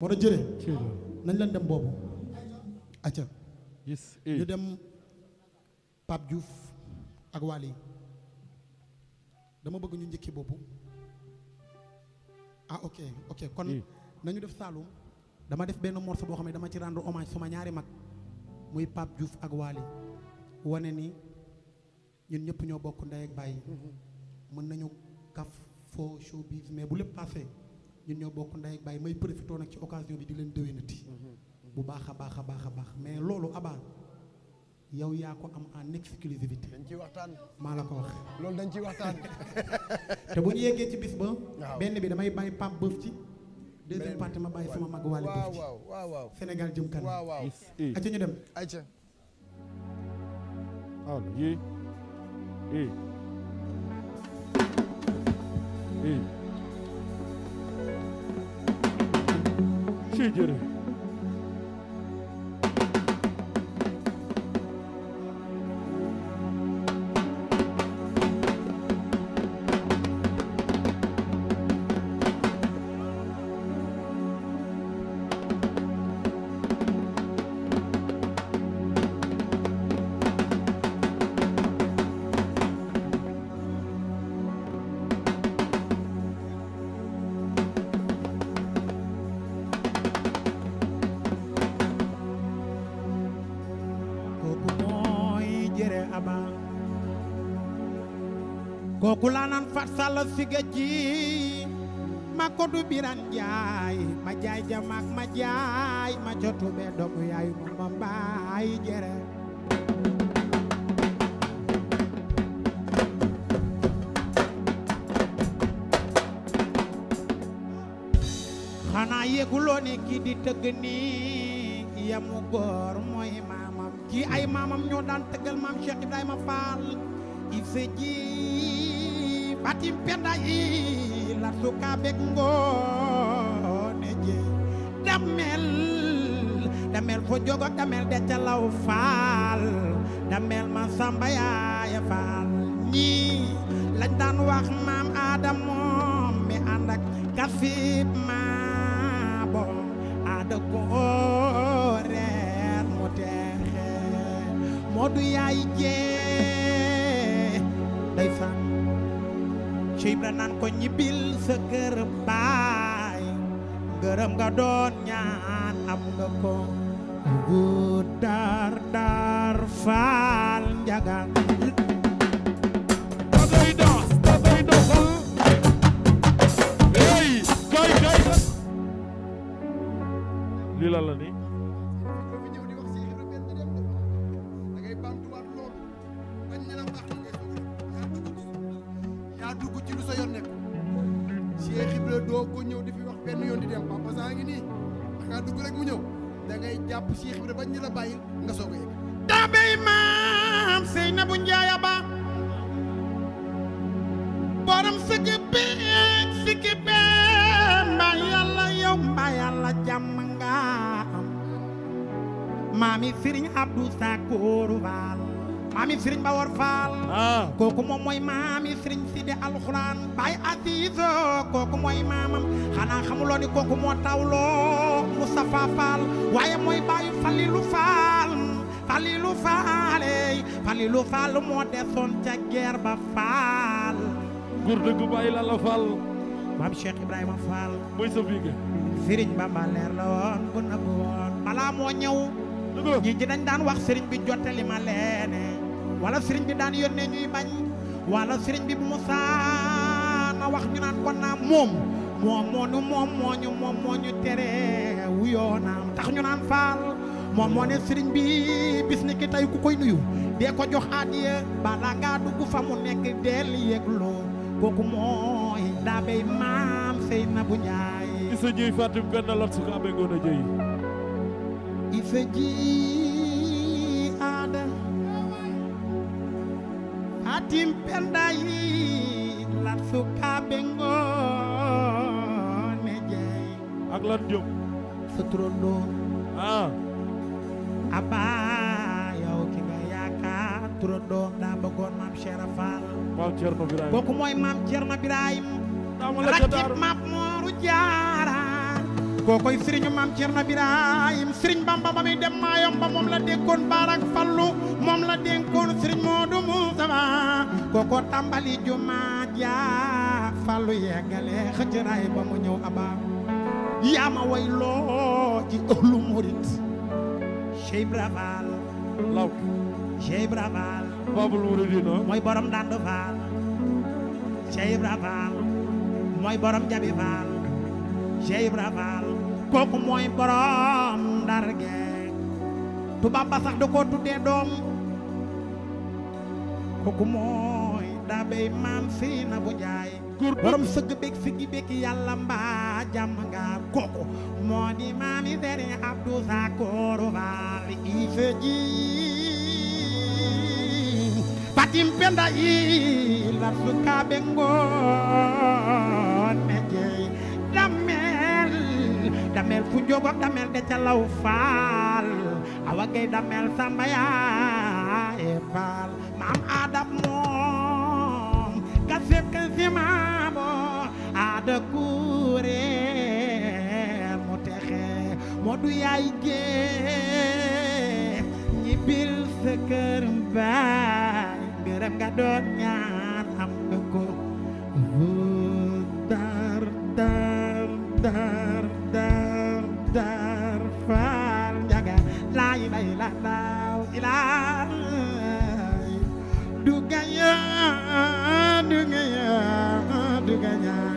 moo tax jëre nañ leen dem boobu acca eh. ñu dem Pape Diouf ak Wally dama bëgg ñu njëkki boobu ah ok ok kon eh. nañu def Saloum dama def benn morceau boo xam ne dama ci rendre hommage suma ñaari mag muy Pape Diouf ak Wally wane ni ñun ñëpp ñoo bokk ndey ak bàyyi mm-hmm. mën nañu kaf foo showbiz mais bu lépp passé ñun ñoo bokk ndey ak baay may profité nag ci occasion bi di leen déwénati mm-hmm. bu baax a baax a baax a baax mais loolu abaa yow yaa ko am en exclusivité. dañ ciy waxtaan maa la ko wax. loolu dañ ciy waxtaan. te bu ñu yeggee ci bis ba. benn bi damay bàyyi Pape bëf ci. deuxième partie ma bàyyi sama mag Waly bëf ci. waaw waaw Sénégal jëm kanam. waaw waaw ñu dem. ayca. Ah, читеры. kooku laa naan fat sàll siga ji du biran jaay ma jaay mak ma jaay ma be dog yaay mo ma bay jere xanaa yëguloo ni ki di teug ni yamu gor moy mamam ki ay mamam ño dan tëggal mam Cheikh Ibrahima Fall iseji batim penda yi la suka bek ngoone je damel damel fo jogo damel de calaw faal damel ma samba yaaya faal ñi lañ daan wax maam aadam moom mi ànd ak kasib ma bon ànd ak ko reer mu teexe moo du yaay jee ci Ibra naan ko ñibbil sa kër baay ngërëm nga doon ñaan am nga ko bu dar dar faal njagaan lii la la ni dugg ci lu sa yoon nekk Cheikh Ibra doo ko ñëw di fi wax benn yoon di dem papa saa ngi nii da ngaa dugg rek mu ñëw da ngay jàpp Cheikh Ibra bañ ñu la bàyyi nga soog a yegg. tabey maam Seynabou Ndiaye Ba borom sëgg bi sikki bee mbaa yàlla yow mbaa yàlla jàmm nga am maami Serigne Abdou Sakkoor Fall maami Serigne Bawor Fall. Ah. kooku moom mooy maami Serigne alxuraan bay Aziz kooku mooy maamam xanaa xamuloo kooku moo tawloo Moustapha Fall waaye mooy baayu Falilou Fall Falilou Fall Falilou Fall moo desoon ca guerre ba Fall. góor la la Fall. maam Cheikh Ibrahima mooy sa biige. Serigne Bamba bu nagu woon balaa moo ñëw. ñii dañ daan wax Serigne bi jottali ma leene wala Serigne bi daan yónnee ñuy bañ. waalo sëriñ bi bu mu saana wax ñu naan ko naam moom moom moo ñu moom moo ñu moom moo ñu tere wuyoo naam tax ñu naan faal moom moo ne sëriñ bi bis ni ki tey ku koy nuyu dee ko jox adiya bala ngaa dugg fa mu nekk del yëgloo kooku mooy daa bay maam sëy na bu njaay isa jiy fatim benn lat suka amee ngoon a jëy penda yi lat suka bengoon me jeey ak lat jom sa turandoo ah abaa yow ki nga yaakaar turandoo daa bëggoon maam Cheikh Fall maam Cerno Birahim kooku mooy maam Cerno Birahim rakib maam Mooru Bamba ba muy dem maayom ba moom la dénkoon Barak Fallu moom la dénkoon sëriñ Moodu mu dara koko tambali juma ja ye ya gale xejray ba mu ñew aba ya ma way lo ci ëllu murid chey braval law chey braval babul muridina moy borom dandu fal chey braval moy borom jabi fal chey braval koku moy mooy borom ndarge tubaab ba sax da koo tuddee doom kooku mooy daa béy maam si na bu jaay sëgg bég sigi bég yàlla mbaa jàmm ngaar kooku moo di maami deri abdou sakooru baal ife ji patim penda yi lar su ngoon me jeey damel damel fu njogo de ca law faal awa gay damel samba Baye mam adab mom moom si mabo ada kure, mu modu moo du yaay gee ñibbil sa kër mbaay ngërëm nga doon am ko dar dar dar dar dar lay la ya du nga ya du nga ya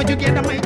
ma jógee damay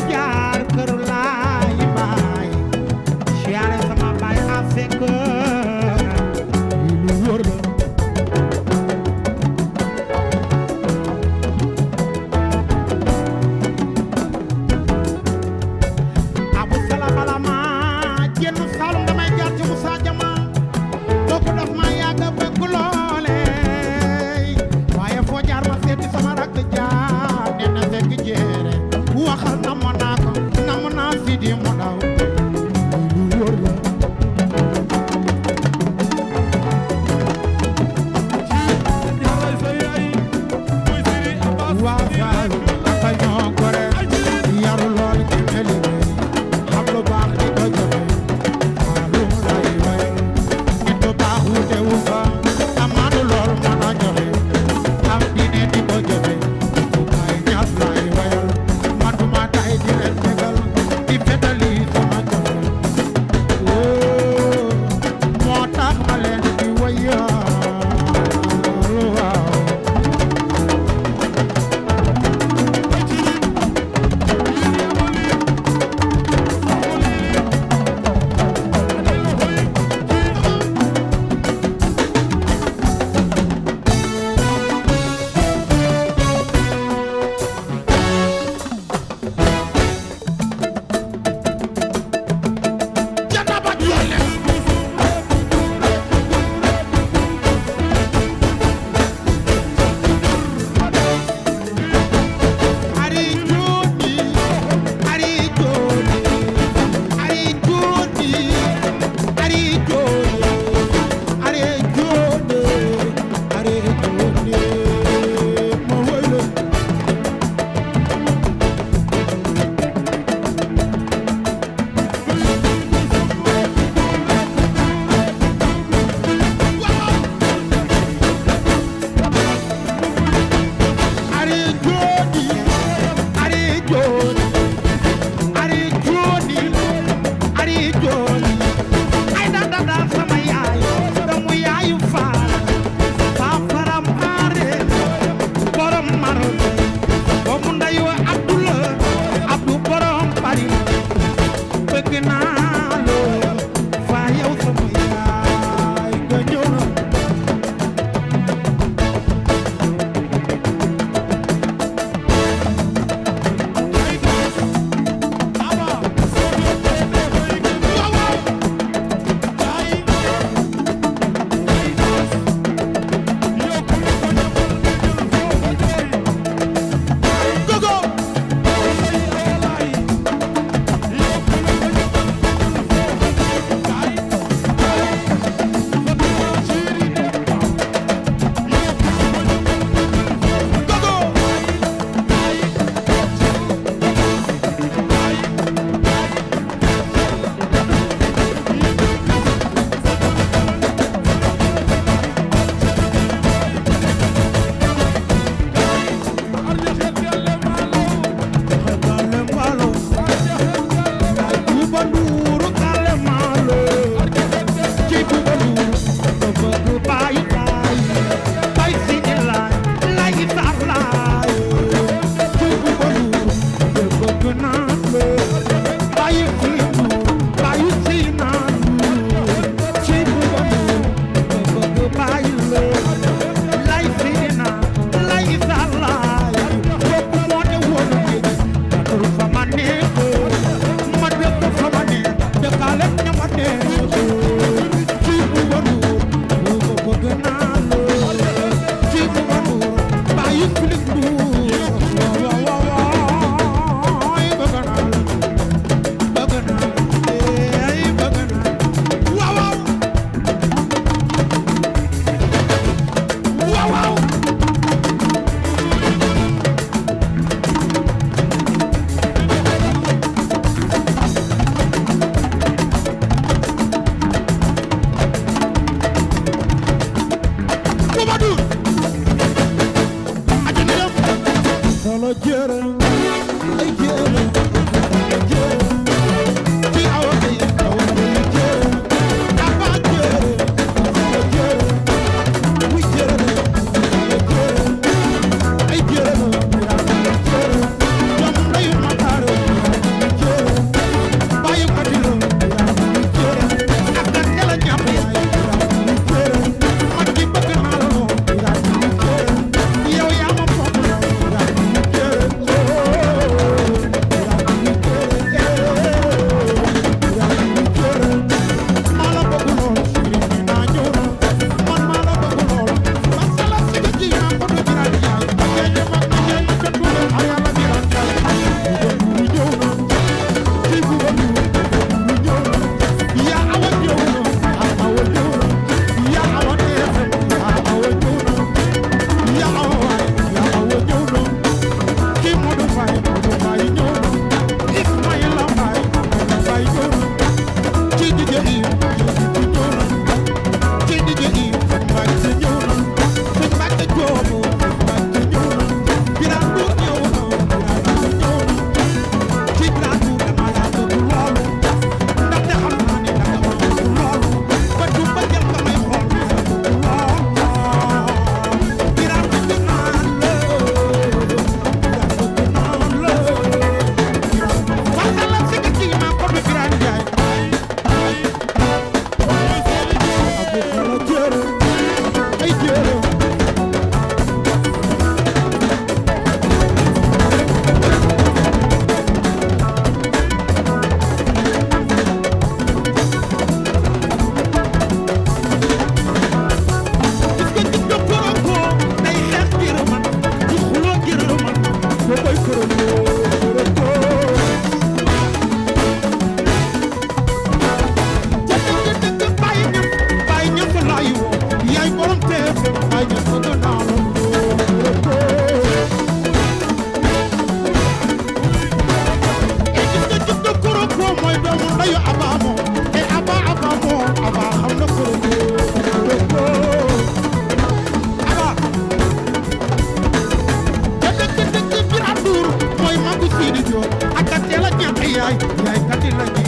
yaay yaay kati la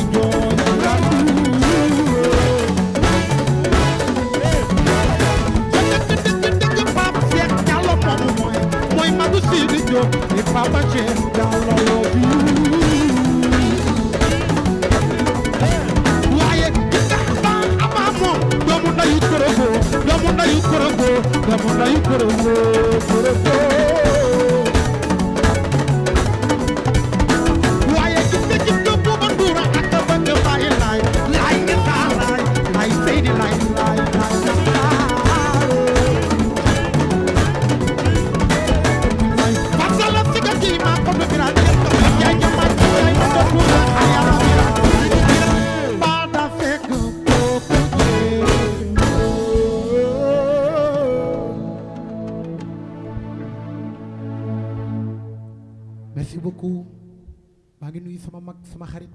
ngi nuyu sama mag sama xarit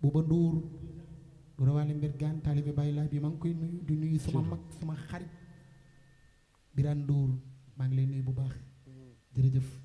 Bouba Ndour bu rawaale mbir gaan taalibe Baye Laay bi maa ngi koy nuyu di nuyu sama mag sama xarit Birane Ndour maa ngi lay nuyu bu baax mm-hmm. jërëjëf